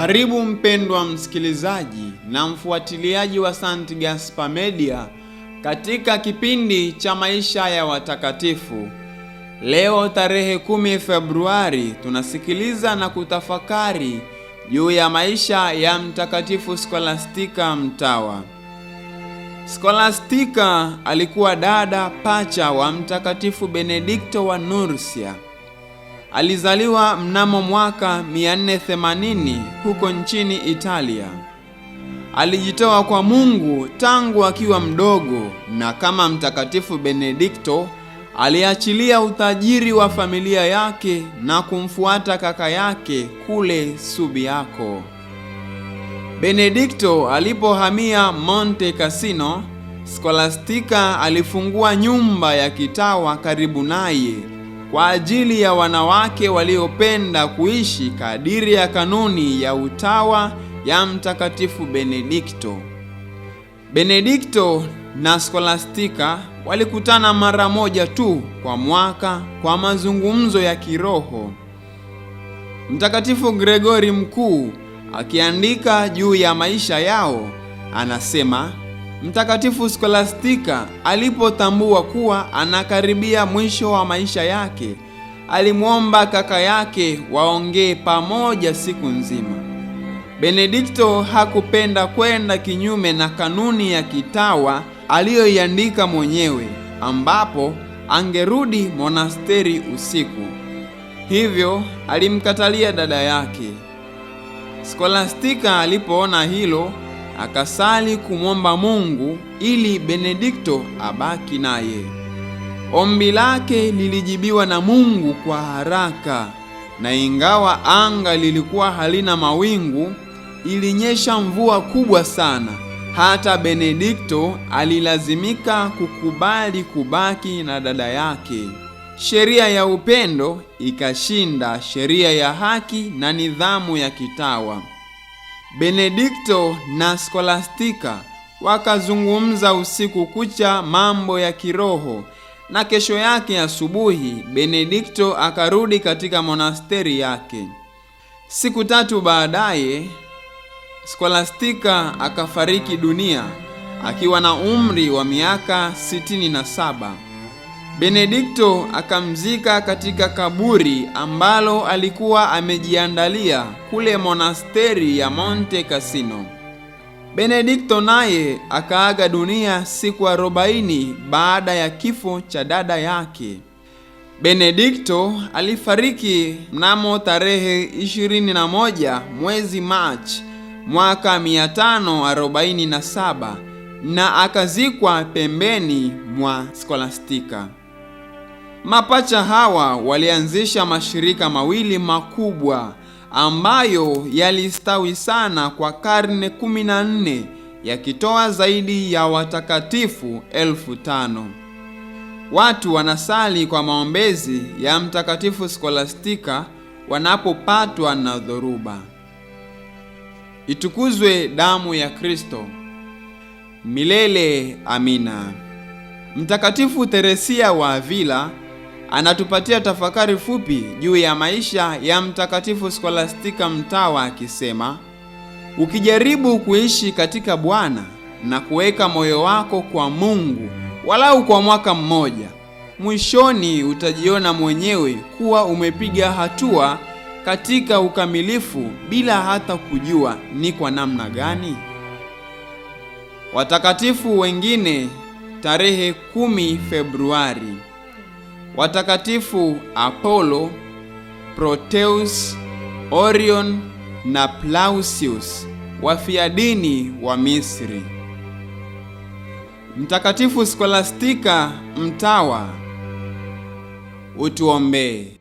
Karibu mpendwa msikilizaji na mfuatiliaji wa St. Gaspar Media katika kipindi cha maisha ya watakatifu. Leo tarehe 10 Februari tunasikiliza na kutafakari juu ya maisha ya Mtakatifu Skolastika Mtawa. Skolastika alikuwa dada pacha wa Mtakatifu Benedikto wa Nursia. Alizaliwa mnamo mwaka 480 huko nchini Italia. Alijitoa kwa Mungu tangu akiwa mdogo na kama Mtakatifu Benedikto aliachilia utajiri wa familia yake na kumfuata kaka yake kule Subiaco. Benedikto alipohamia Monte Cassino, Scholastica alifungua nyumba ya kitawa karibu naye kwa ajili ya wanawake waliopenda kuishi kadiri ya kanuni ya utawa ya Mtakatifu Benedikto. Benedikto na Skolastika walikutana mara moja tu kwa mwaka kwa mazungumzo ya kiroho. Mtakatifu Gregori Mkuu akiandika juu ya maisha yao anasema: Mtakatifu Skolastika alipotambua kuwa anakaribia mwisho wa maisha yake, alimwomba kaka yake waongee pamoja siku nzima. Benedikto hakupenda kwenda kinyume na kanuni ya kitawa aliyoiandika mwenyewe, ambapo angerudi monasteri usiku. Hivyo alimkatalia dada yake. Skolastika alipoona hilo akasali kumwomba Mungu ili Benedikto abaki naye. Ombi lake lilijibiwa na Mungu kwa haraka, na ingawa anga lilikuwa halina mawingu, ilinyesha mvua kubwa sana, hata Benedikto alilazimika kukubali kubaki na dada yake. Sheria ya upendo ikashinda sheria ya haki na nidhamu ya kitawa. Benedikto na Skolastika wakazungumza usiku kucha mambo ya kiroho, na kesho yake asubuhi Benedikto akarudi katika monasteri yake. Siku tatu baadaye Skolastika akafariki dunia akiwa na umri wa miaka sitini na saba. Benedikto akamzika katika kaburi ambalo alikuwa amejiandalia kule monasteri ya Monte Cassino. Benedikto naye akaaga dunia siku arobaini baada ya kifo cha dada yake. Benedikto alifariki mnamo tarehe 21 mwezi Machi mwaka 547 na akazikwa pembeni mwa Skolastika. Mapacha hawa walianzisha mashirika mawili makubwa ambayo yalistawi sana kwa karne 14 yakitoa zaidi ya watakatifu elfu tano. Watu wanasali kwa maombezi ya Mtakatifu Skolastika wanapopatwa na dhoruba. Itukuzwe damu ya Kristo! Milele amina. Mtakatifu Teresia wa Avila anatupatia tafakari fupi juu ya maisha ya Mtakatifu Skolastika Mtawa akisema, ukijaribu kuishi katika Bwana na kuweka moyo wako kwa Mungu walau kwa mwaka mmoja, mwishoni utajiona mwenyewe kuwa umepiga hatua katika ukamilifu bila hata kujua ni kwa namna gani. Watakatifu wengine tarehe 10 Februari. Watakatifu Apollo, Proteus, Orion na Plausius wafiadini wa Misri. Mtakatifu Skolastika mtawa, utuombee.